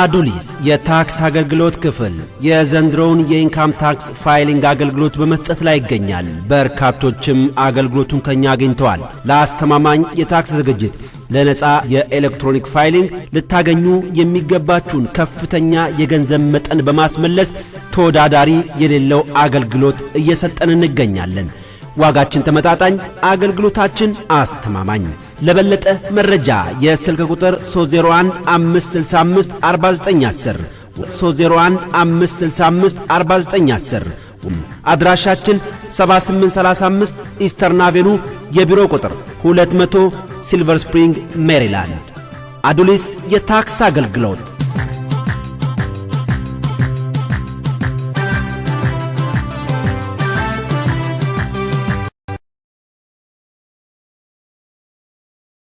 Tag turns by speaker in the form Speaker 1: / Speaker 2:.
Speaker 1: አዱሊስ የታክስ አገልግሎት ክፍል የዘንድሮውን የኢንካም ታክስ ፋይሊንግ አገልግሎት በመስጠት ላይ ይገኛል። በርካቶችም አገልግሎቱን ከኛ አግኝተዋል። ለአስተማማኝ የታክስ ዝግጅት፣ ለነፃ የኤሌክትሮኒክ ፋይሊንግ ልታገኙ የሚገባችሁን ከፍተኛ የገንዘብ መጠን በማስመለስ ተወዳዳሪ የሌለው አገልግሎት እየሰጠን እንገኛለን። ዋጋችን ተመጣጣኝ፣ አገልግሎታችን አስተማማኝ ለበለጠ መረጃ የስልክ ቁጥር 3015654910 አድራሻችን 7835 ኢስተርን አቬኑ የቢሮ ቁጥር 200 ሲልቨር ስፕሪንግ ሜሪላንድ። አዱሊስ የታክስ አገልግሎት